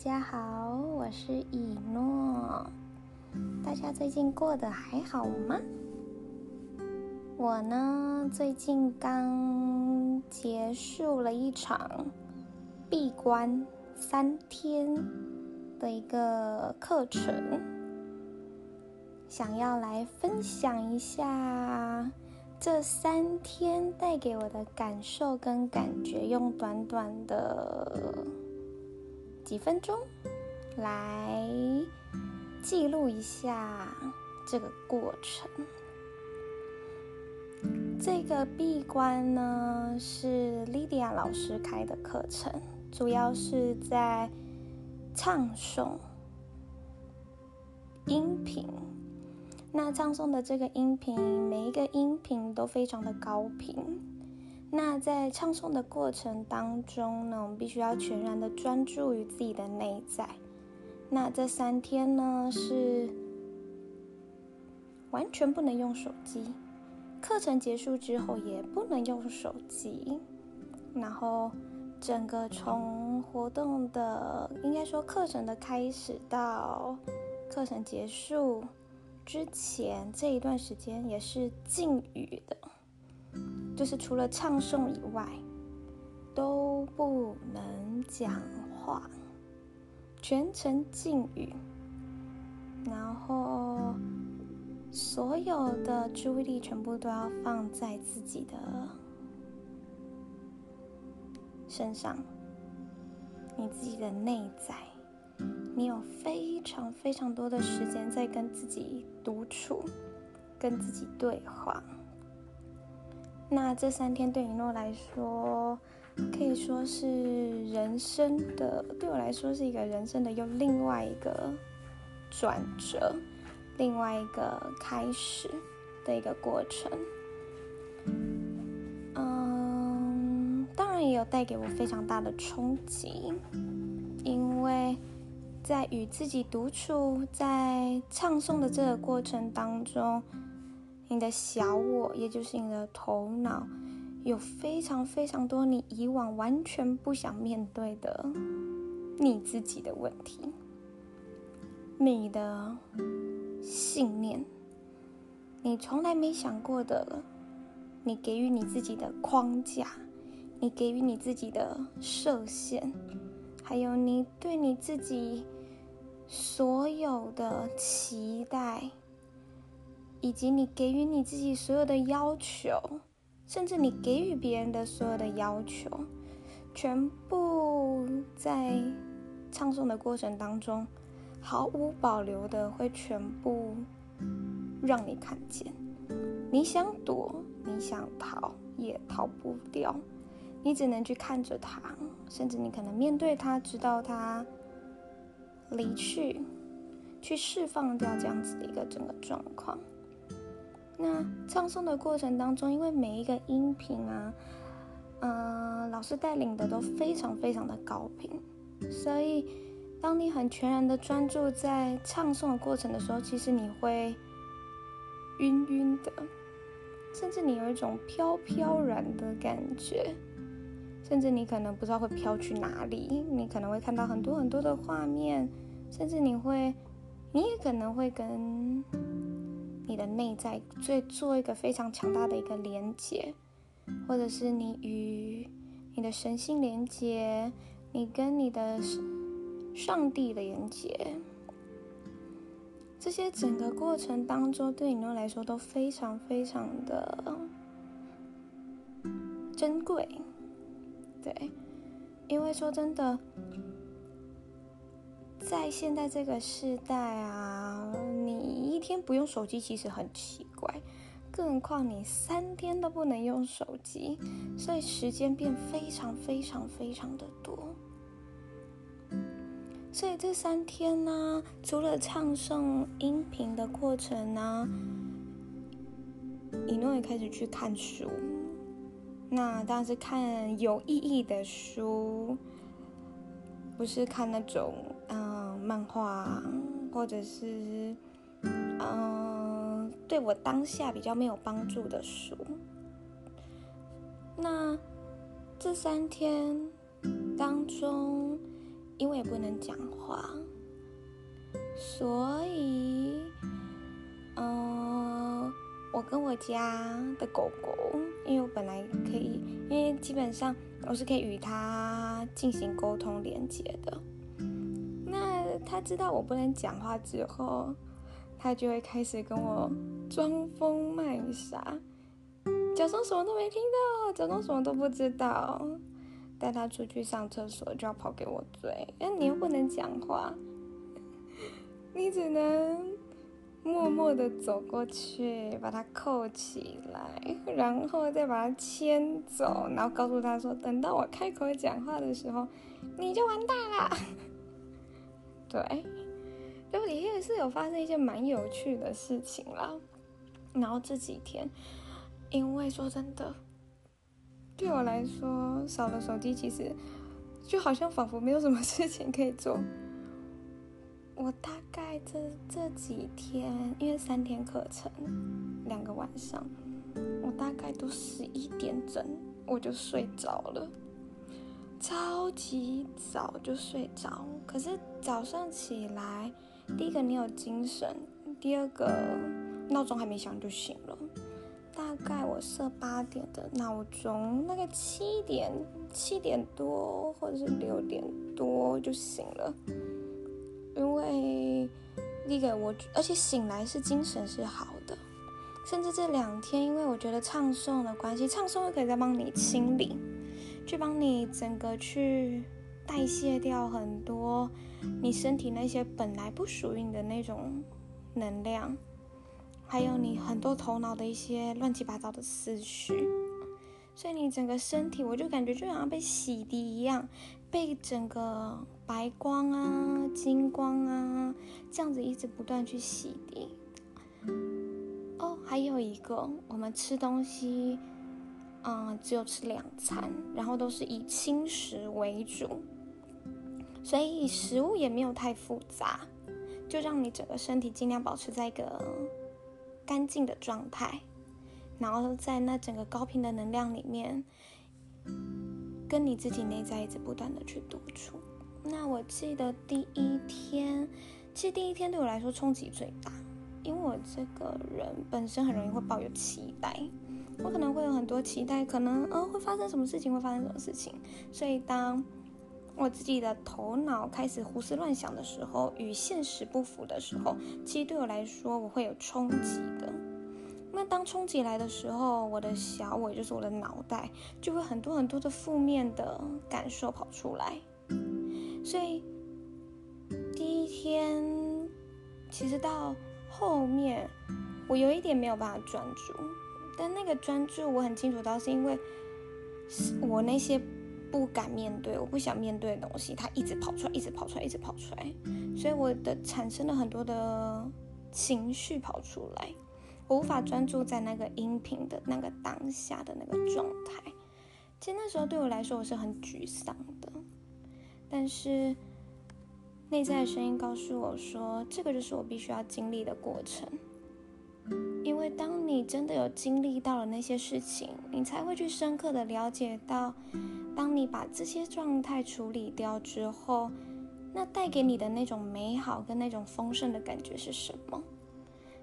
大家好，我是以諾。大家最近過得還好嗎？我呢，最近剛結束了一場閉關三天的一個課程，想要來分享一下這三天帶給我的感受跟感覺，用短短的。幾分鐘來記錄一下這個過程。這個閉關呢，是 Lydia 老師開的課程，主要是在唱誦音頻。那唱誦的這個音頻，每一個音頻都非常的高頻。那在唱誦的過程當中呢，我們必須要全然的專注於自己的內在。那這三天呢，是完全不能用手機，課程結束之後也不能用手機。然後整個從活動的，應該說課程的開始到課程結束之前，這一段時間也是禁語的。就是除了唱誦以外，都不能講話，全程禁語，然後所有的注意力全部都要放在自己的身上，你自己的內在，你有非常非常多的時間在跟自己獨處，跟自己對話。那這三天對以諾來說，可以說是人生的，對我來說是一個人生的又另外一個轉折，另外一個開始的一個過程。嗯，當然也有帶給我非常大的衝擊，因為在與自己獨處，在唱誦的這個過程當中。你的小我，也就是你的頭腦，有非常非常多你以往完全不想面對的你自己的問題，你的信念，你從來沒想過的，你給予你自己的框架，你給予你自己的設限，還有你對你自己所有的期待。以及你給予你自己所有的要求，甚至你給予別人的所有的要求，全部在唱誦的過程當中，毫無保留的會全部讓你看見。你想躲，你想逃，也逃不掉，你只能去看着他，甚至你可能面對他，直到他離去，去釋放掉這樣子的一個整個狀況。那唱誦的過程當中，因為每一個音頻啊，嗯、呃，老師帶領的都非常非常的高頻，所以當你很全然的專注在唱誦的過程的時候，其實你會暈暈的，甚至你有一種飄飄然的感覺，甚至你可能不知道會飄去哪裡，你可能會看到很多很多的畫面，甚至你會，你也可能會跟。你的內在就做一個非常強大的一個連接，或者是你與你的神性連接，你跟你的上帝連接。這些整個過程當中，對你來說都非常非常的珍貴。對，因為說真的，在現在這個時代啊。一天不用手機其實很奇怪，更何況你三天都不能用手機，所以時間變非常非常非常的多。所以這三天呢，除了唱誦音頻的過程呢，以諾也開始去看書。那當然是看有意義的書，不是看那種嗯、呃、漫畫或者是。嗯、呃，對我當下比較沒有幫助的書。那這三天當中，因為也不能講話，所以，嗯、呃，我跟我家的狗狗，因為我本來可以，因為基本上我是可以與它進行溝通連接的。那它知道我不能講話之後。他就會開始跟我裝瘋賣傻，假裝什麼都沒聽到，假裝什麼都不知道。帶他出去上廁所就要跑給我追，哎，你又不能講話，你只能默默的走過去，把它扣起來，然後再把它牽走，然後告訴他說，等到我開口講話的時候，你就完蛋了。對。就裡面是有發生一些蠻有趣的事情啦，然後這幾天，因為說真的，對我來說少了手機，其實就好像仿佛沒有什麼事情可以做。我大概這這幾天，因為三天課程，兩個晚上，我大概都十一點整我就睡着了，超級早就睡着，可是早上起來。第一個，你有精神；第二個，鬧鐘還沒響就醒了。大概我設八點的鬧鐘，那個七點、七點多或者是六點多就醒了。因為，那個我，而且醒來是精神是好的。甚至這兩天，因為我覺得唱誦的關係，唱誦又可以再幫你清理，去幫你整個去。代謝掉很多你身體那些本來不屬於你的那種能量，還有你很多頭腦的一些亂七八糟的思緒，所以你整個身體我就感覺就好像被洗滌一樣，被整個白光啊、金光啊這樣子一直不斷去洗滌。哦，還有一個，我們吃東西，嗯、呃，只有吃兩餐，然後都是以輕食為主。所以食物也沒有太複雜，就讓你整個身體盡量保持在一個乾淨的狀態，然後在那整個高頻的能量裡面，跟你自己內在一直不斷的去獨處。那我記得第一天，其實第一天對我來說衝擊最大，因為我這個人本身很容易會抱有期待，我可能會有很多期待，可能呃會發生什麼事情，會發生什麼事情，所以當我自己的頭腦開始胡思亂想的時候，與現實不符的時候，其實對我來說，我會有衝擊的。那當衝擊來的時候，我的小我就是我的腦袋，就會很多很多的負面的感受跑出來。所以第一天，其實到後面，我有一點沒有辦法專注，但那個專注我很清楚，都是因為是我那些，不敢面對，我不想面對的東西，它一直跑出來，一直跑出來，一直跑出來，所以我的產生了很多的情緒跑出來，我無法專注在那個音頻的那個當下的那個狀態。其實那時候對我來說，我是很沮喪的，但是內在的聲音告訴我說，這個就是我必須要經歷的過程，因為當你真的有經歷到了那些事情，你才會去深刻的了解到。當你把這些狀態處理掉之後，那帶給你的那種美好跟那種豐盛的感覺是什麼？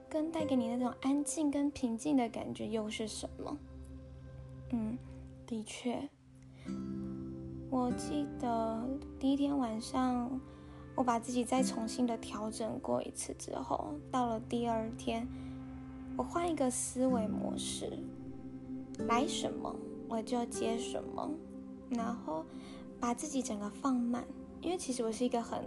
跟帶給你那種安靜跟平靜的感覺又是什麼？嗯，的確，我記得第一天晚上，我把自己再重新的調整過一次之後，到了第二天，我換一個思維模式，來什麼我就接什麼。然後把自己整個放慢，因為其實我是一個很，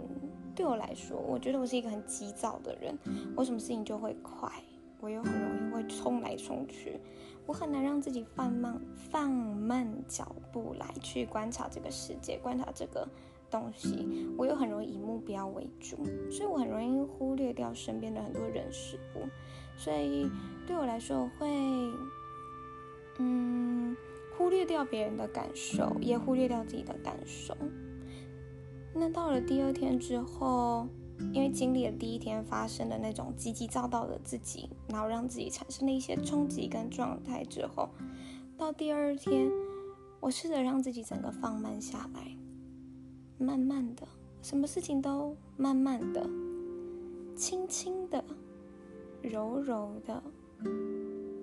對我來說，我覺得我是一個很急躁的人。我什麼事情就會快，我又很容易會衝來衝去。我很難讓自己放慢放慢腳步來去觀察這個世界，觀察這個東西。我又很容易以目標為主，所以我很容易忽略掉身邊的很多人事物。所以對我來說，我會，嗯。忽略掉別人的感受，也忽略掉自己的感受。那到了第二天之後，因為經歷了第一天發生的那種急急躁躁的自己，然後讓自己產生了一些衝擊跟狀態之後，到第二天，我試着讓自己整個放慢下來，慢慢的，什麼事情都慢慢的，輕輕的，柔柔的，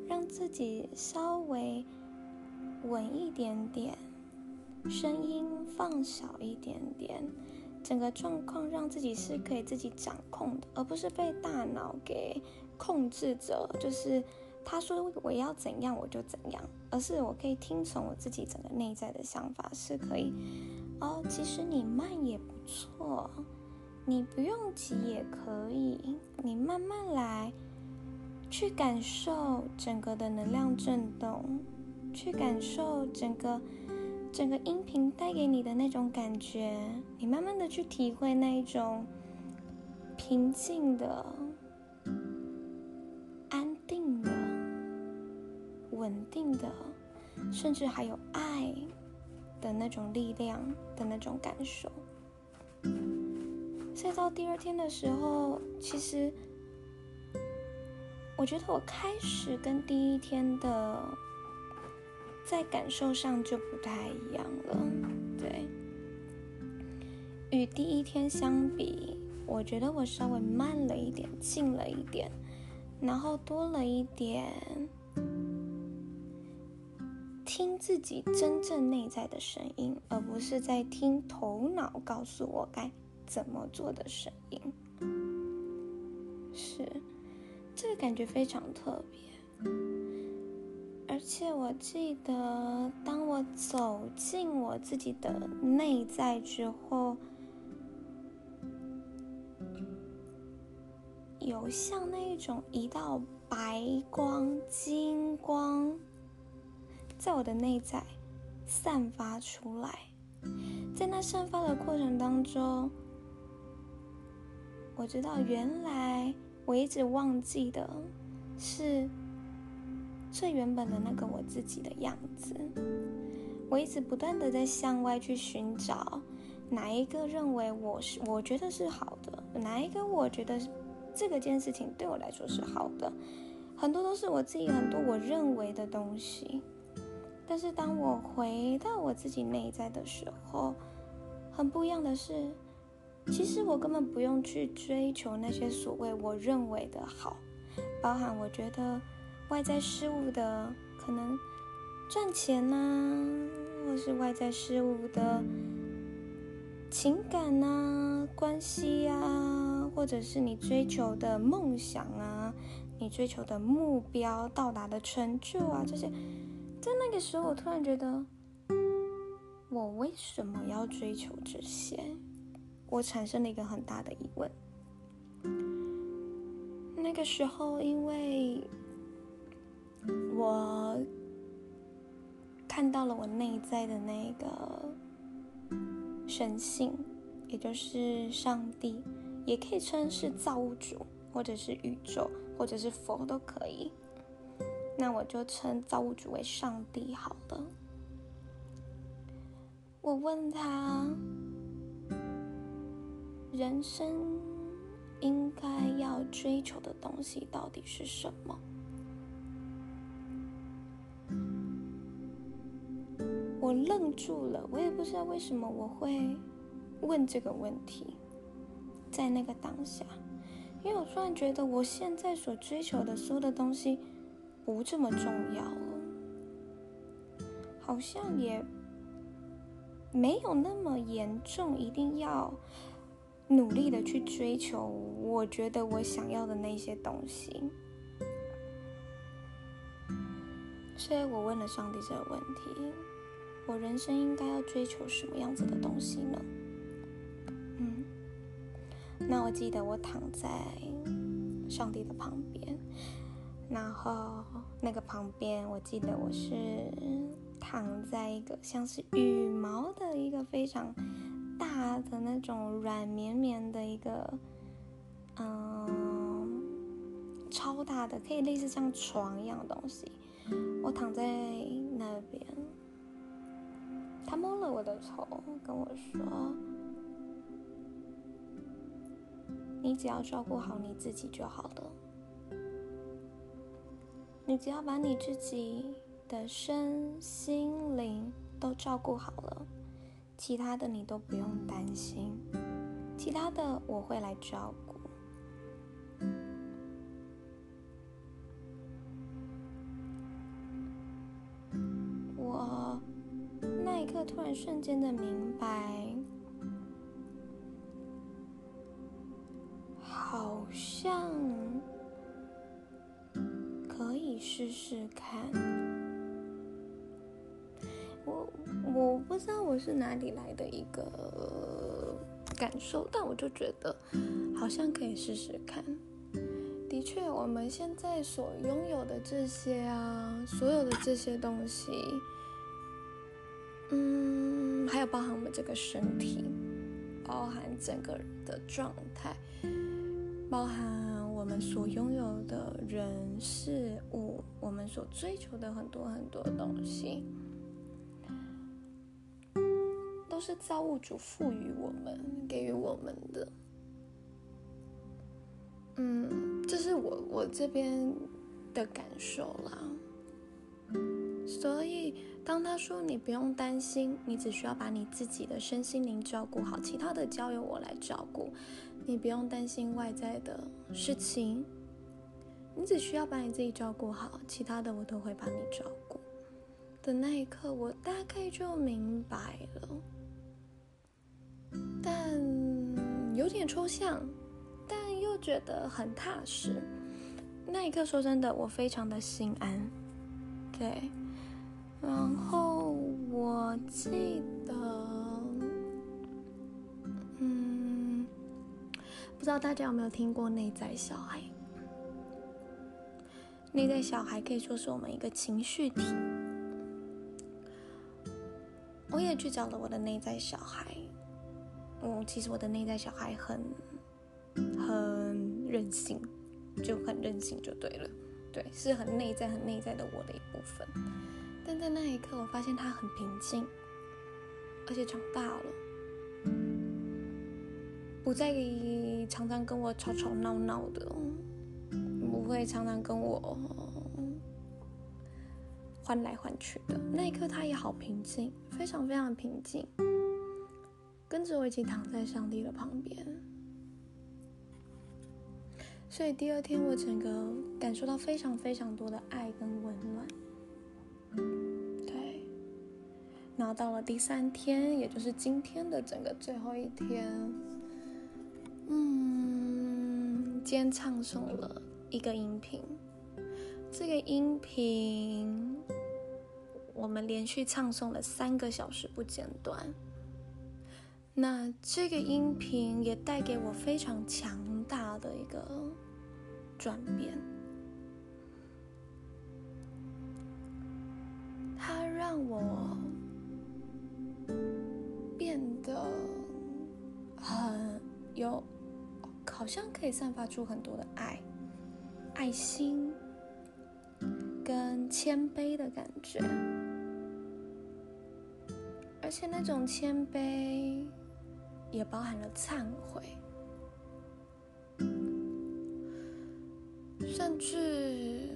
讓自己稍微。穩一點點，聲音放小一點點，整個狀況讓自己是可以自己掌控的，而不是被大腦給控制着。就是他說我要怎樣我就怎樣，而是我可以聽從我自己整個內在的想法，是可以。哦，其實你慢也不錯，你不用急也可以，你慢慢來，去感受整個的能量震動。去感受整個整個音頻帶給你的那種感覺，你慢慢的去體會那一種平靜的、安定的、穩定的，甚至還有愛的那種力量的那種感受。所以到第二天的時候，其實我覺得我開始跟第一天的。在感受上就不太一樣了，對。與第一天相比，我覺得我稍微慢了一點，靜了一點，然後多了一點聽自己真正內在的聲音，而不是在聽頭腦告訴我該怎麼做的聲音。是，這個感覺非常特別。而且我記得，當我走進我自己的內在之後，有像那一種一道白光、金光，在我的內在散發出來。在那散發的過程當中，我知道原來我一直忘記的是。最原本的那個我自己的樣子，我一直不斷地在向外去尋找，哪一個認為我是，我覺得是好的，哪一個我覺得這個件事情對我來說是好的，很多都是我自己很多我認為的東西。但是當我回到我自己內在的時候，很不一樣的是，其實我根本不用去追求那些所謂我認為的好，包含我覺得。外在事物的可能賺錢吶、啊，或是外在事物的情感吶、啊、關係呀、啊，或者是你追求的夢想啊、你追求的目標、到達的成就啊，這些在那個時候，我突然覺得，我為什麼要追求這些？我產生了一個很大的疑問。那個時候，因為。我內在的那個神性，也就是上帝，也可以稱是造物主，或者是宇宙，或者是佛都可以。那我就稱造物主為上帝好了。我問他，人生應該要追求的東西到底是什麼？愣住了，我也不知道為什麼我會問這個問題，在那個當下，因為我突然覺得我現在所追求的所有的東西不這麼重要了，好像也沒有那麼嚴重，一定要努力的去追求我覺得我想要的那些東西。所以我問了上帝這個問題。我人生應該要追求什麼樣子的東西呢？嗯，那我記得我躺在上帝的旁邊，然後那個旁邊，我記得我是躺在一個像是羽毛的一個非常大的那種軟綿綿的一個，嗯，超大的，可以類似像床一樣的東西。我躺在那邊。他摸了我的頭，跟我說：“你只要照顧好你自己就好了。你只要把你自己的身心靈都照顧好了，其他的你都不用擔心，其他的我會來照顧。”瞬間的明白，好像可以試試看。我我不知道我是哪裡來的一個感受，但我就覺得好像可以試試看。的確，我們現在所擁有的這些啊，所有的這些東西。嗯，還有包含我們這個身體，包含整個的狀態，包含我們所擁有的人事物，我們所追求的很多很多東西，都是造物主賦予我們、給予我們的。嗯，這是我我這邊的感受啦，所以。當他說“你不用擔心，你只需要把你自己的身心靈照顧好，其他的交由我來照顧”，你不用擔心外在的事情，你只需要把你自己照顧好，其他的我都會幫你照顧的那一刻，我大概就明白了。但有點抽象，但又覺得很踏實。那一刻，說真的，我非常的心安。對。然後我記得，嗯，不知道大家有沒有聽過“內在小孩”。內在小孩可以說是我們一個情緒體。我也去找了我的內在小孩。嗯，其實我的內在小孩很，很任性，就很任性就對了，對，是很內在、很內在的我的一部分。但在那一刻，我發現他很平靜，而且長大了，不再常常跟我吵吵鬧鬧的，不會常常跟我換來換去的。那一刻，他也好平靜，非常非常平靜，跟着我一起躺在上帝的旁邊。所以第二天，我整個感受到非常非常多的愛跟溫暖。到了第三天，也就是今天的整個最後一天，嗯，今天唱誦了一個音頻。這個音頻我們連續唱誦了三個小時不間斷。那這個音頻也帶給我非常強大的一個轉變，它讓我。有，好像可以散發出很多的愛、愛心，跟謙卑的感覺，而且那種謙卑也包含了懺悔，甚至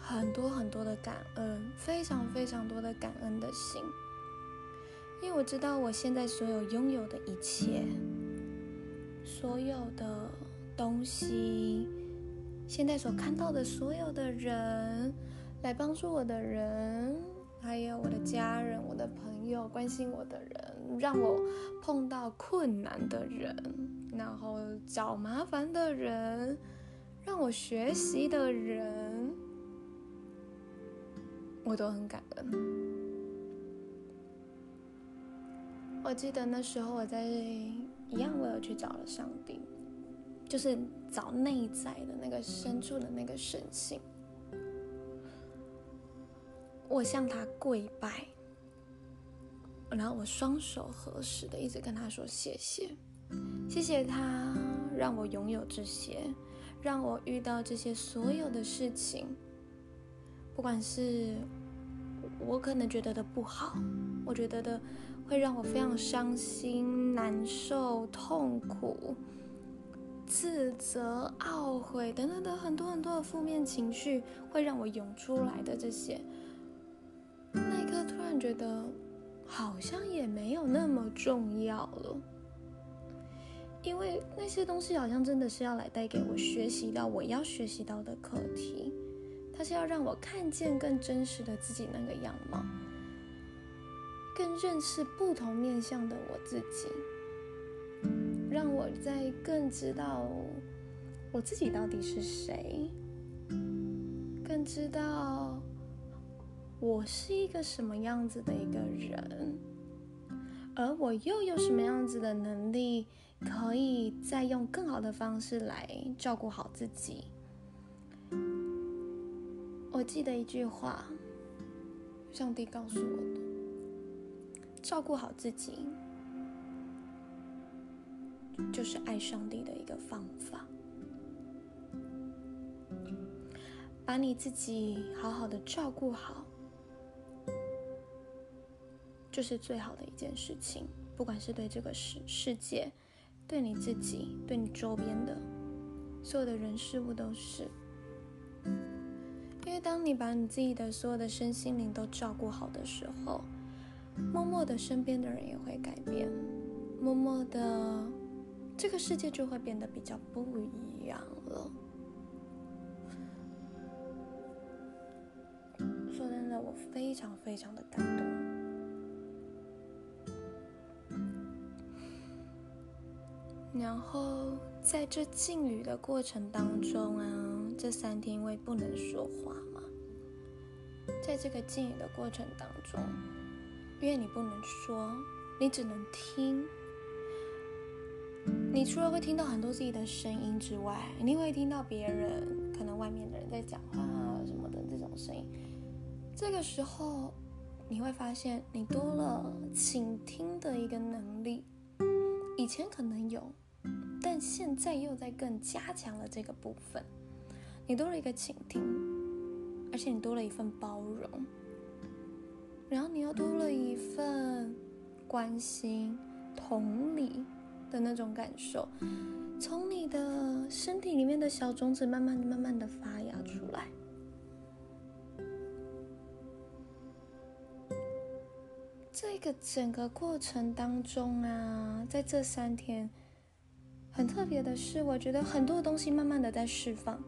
很多很多的感恩，非常非常多的感恩的心，因為我知道我現在所有擁有的一切。所有的東西，現在所看到的所有的人，來幫助我的人，還有我的家人、我的朋友、關心我的人，讓我碰到困難的人，然後找麻煩的人，讓我學習的人，我都很感恩。我記得那時候我在。一樣，我有去找了上帝，就是找內在的那個深處的那個神性。我向他跪拜，然後我雙手合十的一直跟他說謝謝，謝謝他讓我擁有這些，讓我遇到這些所有的事情，不管是我可能覺得的不好，我覺得的。會讓我非常傷心、難受、痛苦、自責、懊悔等等等很多很多的負面情緒會讓我湧出來的這些，那一刻突然覺得好像也沒有那麼重要了，因為那些東西好像真的是要來帶給我學習到我要學習到的課題，它是要讓我看見更真實的自己那個樣貌。更認識不同面向的我自己，讓我在更知道我自己到底是誰，更知道我是一個什麼樣子的一個人，而我又有什麼樣子的能力，可以再用更好的方式來照顧好自己。我記得一句話，上帝告訴我的。照顧好自己，就是愛上帝的一個方法。把你自己好好的照顧好，就是最好的一件事情。不管是對這個世世界，對你自己，對你周邊的，所有的人事物都是。因為當你把你自己的所有的身心靈都照顧好的時候，默默的，身邊的人也會改變，默默的，這個世界就會變得比較不一樣了。說真的，我非常非常的感動。然後在這禁語的過程當中啊，這三天因為不能說話嘛，在這個禁語的過程當中。因為你不能說，你只能聽。你除了會聽到很多自己的聲音之外，你會聽到別人，可能外面的人在講話啊什麼的這種聲音。這個時候，你會發現你多了傾聽的一個能力，以前可能有，但現在又在更加強了這個部分。你多了一個傾聽，而且你多了一份包容。然後你又多了一份關心、同理的那種感受，從你的身體裡面的小種子慢慢、慢慢的發芽出來。這個整個過程當中啊，在這三天很特別的是，我覺得很多東西慢慢的在釋放，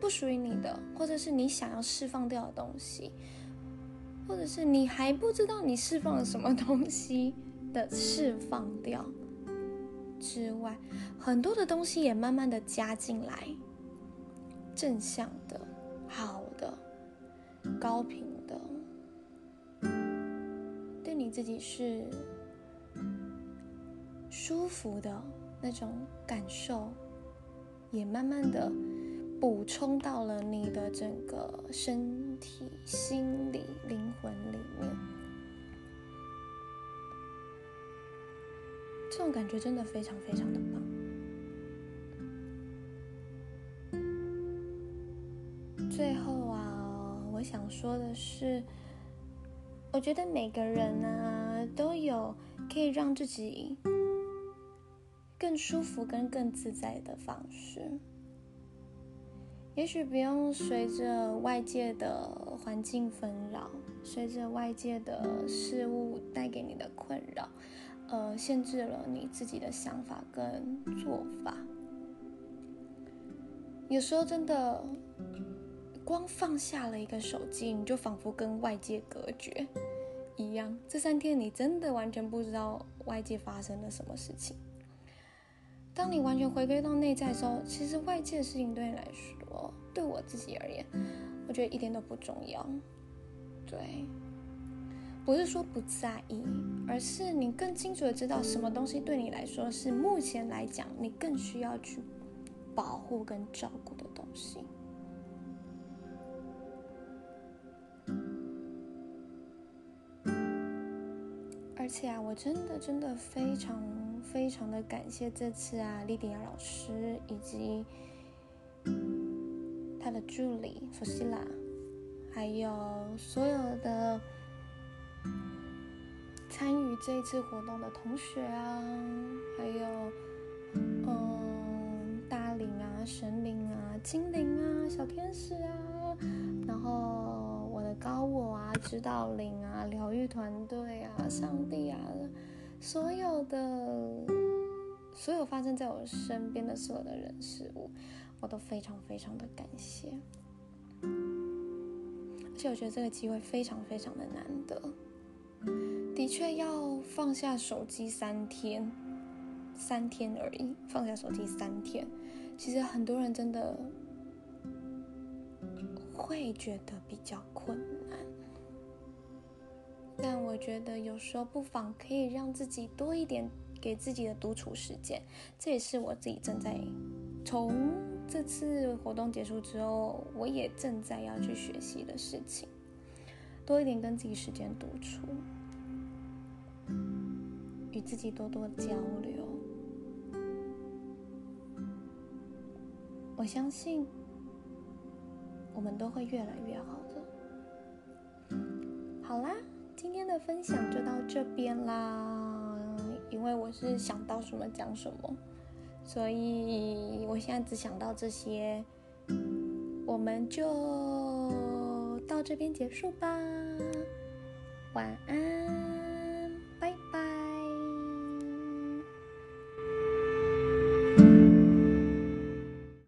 不屬於你的，或者是你想要釋放掉的東西。或者是你還不知道你釋放了什麼東西的釋放掉之外，很多的東西也慢慢的加進來，正向的、好的、高頻的，對你自己是舒服的那種感受也慢慢的。補充到了你的整個身體、心理、靈魂裡面，這種感覺真的非常非常的棒。最後啊，我想說的是，我覺得每個人呢、啊，都有可以讓自己更舒服跟更自在的方式。也許不用隨着外界的環境紛擾，隨着外界的事物帶給你的困擾，呃，限制了你自己的想法跟做法。有時候真的，光放下了一個手機，你就仿佛跟外界隔絕一樣。這三天你真的完全不知道外界發生了什麼事情。當你完全回歸到內在的時候，其實外界的事情對你來說。對我自己而言，我覺得一點都不重要。對，不是說不在意，而是你更清楚的知道什麼東西對你來說是目前來講你更需要去保護跟照顧的東西。而且啊，我真的真的非常非常的感謝這次啊，綠蒂亞老師以及。他的助理福西拉，Fusilla，還有所有的參與這次活動的同學啊，還有嗯大靈啊、神靈啊、精靈啊、小天使啊，然後我的高我啊、指導靈啊、療癒團隊啊、上帝啊，所有的所有發生在我身邊的所有的人事物。我都非常非常的感謝，而且我覺得這個機會非常非常的難得。的確要放下手機三天，三天而已，放下手機三天，其實很多人真的會覺得比較困難。但我覺得有時候不妨可以讓自己多一點給自己的獨處時間，這也是我自己正在從。這次活動結束之後，我也正在要去學習的事情，多一點跟自己時間獨處，與自己多多交流。我相信我們都會越來越好的。好啦，今天的分享就到這邊啦，因為我是想到什麼講什麼。所以，我現在只想到這些，我們就到這邊結束吧。晚安。